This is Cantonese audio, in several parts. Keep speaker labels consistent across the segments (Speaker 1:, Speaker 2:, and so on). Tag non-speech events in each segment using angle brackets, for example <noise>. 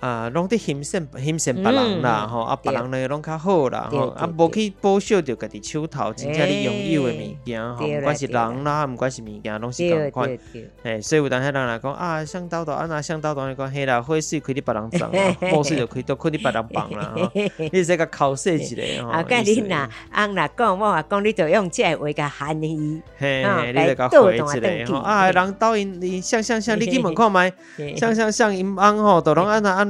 Speaker 1: 啊，攏佇欣賞欣賞別人啦，吼啊，別人呢攏較好啦，吼啊，無去保守着家己手頭真正哩擁有嘅物件，吼，毋管是人啦，毋管是物件，攏是共款。哎，所以有當些人來講啊，想得到啊，那想得到哩關係啦，花媠開佇別人欉，某媠就睏佇別人房啦，你這甲考試一類，吼。啊，該
Speaker 2: 你若翁若講我若講你就用即個話甲喊伊，哎，
Speaker 1: 你著甲回一下，吼啊，人導因你像像像你去問看覓，像像像因翁吼，都攏安那安。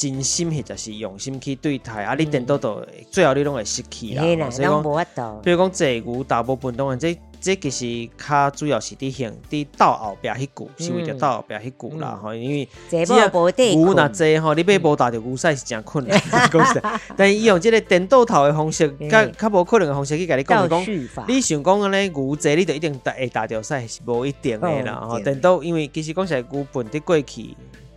Speaker 1: 真心或者是用心去對待，啊！你顛倒倒最後你攏會失去啦。所以講，比如講，這牛大部分都，這這其實卡主要是啲向啲倒後邊迄句，是為着倒後邊迄句啦。因為這牛那這，哈，你被波打掉牛屎是真困難。但是伊用這個顛倒頭的方式，佮佮無可能嘅方式去跟你講你想講嘅咧，牛濟你就一定打會打掉屎，無一定嘅啦。顛倒因為其實講實，牛本地過去。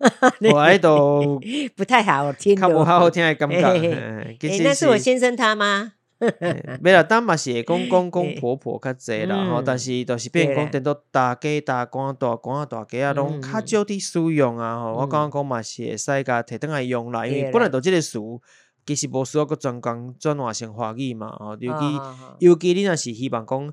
Speaker 1: <laughs> 我喺度
Speaker 2: <laughs> 不太好聽，較不好好聽嘅感覺。那是我先生他嗎？ <laughs> 欸、
Speaker 1: 沒有，當嘛是公公公婆婆較濟啦。欸嗯、但是就是變講等到大家大官大官大家啊，攏較少使用啊。嗯、我剛剛講嘛是會使提轉來用啦，啦因為本來就這個書，其實冇需要專工轉化成華語嘛、喔。尤其、哦、尤其你若是希望說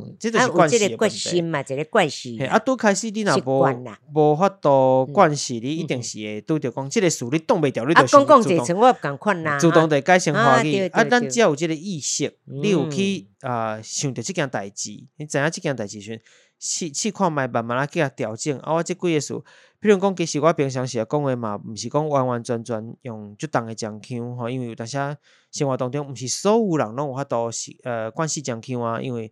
Speaker 1: 即、啊、個是慣勢嘛，即個
Speaker 2: 慣勢啊。啊，拄開始你那無
Speaker 1: 無法度慣勢，嗯、你一定是拄著講，即、嗯、個事你擋袂牢，啊、你就是主
Speaker 2: 動。主動地改善環境。啊，但、啊啊、只要有
Speaker 1: 這個意識，你有去啊、呃、想着這件代志，嗯、你怎啊？這件代志先試試看覓，慢慢啊調整。啊，我這幾件事，比如講，其實我平常時的講嘅嘛，唔是講完完全全用絕對嘅講腔，哈，因為有些生活當中唔是所有人攏有法度是呃慣勢講腔啊，因為。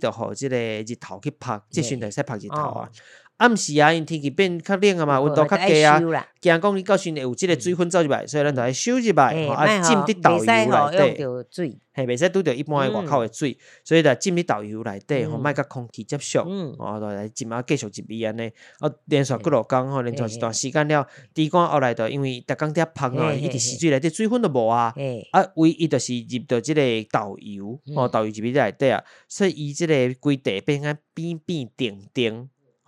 Speaker 1: 就好似你熱頭去拍，即係算係識拍熱頭啊。Yeah. Oh. 暗時啊，因天氣變較冷啊嘛，溫度較低啊，驚講伊到時陣會有即個水分走入來，所以咱着愛收入來吼，啊浸佇豆油內底，對。係未使拄着一般外口嘅水，所以就浸佇豆油內底，吼莫佮空氣接觸，吼就嚟浸馬繼續入去安尼，啊連續幾落工吼，連續一段時間了，豬肝後來的，因為逐工啲啊，伊直吸水內底，水分都無啊，啊唯一就是入着即個豆油，吼，豆油入去內底啊，所以伊即個規地變啊扁扁定定。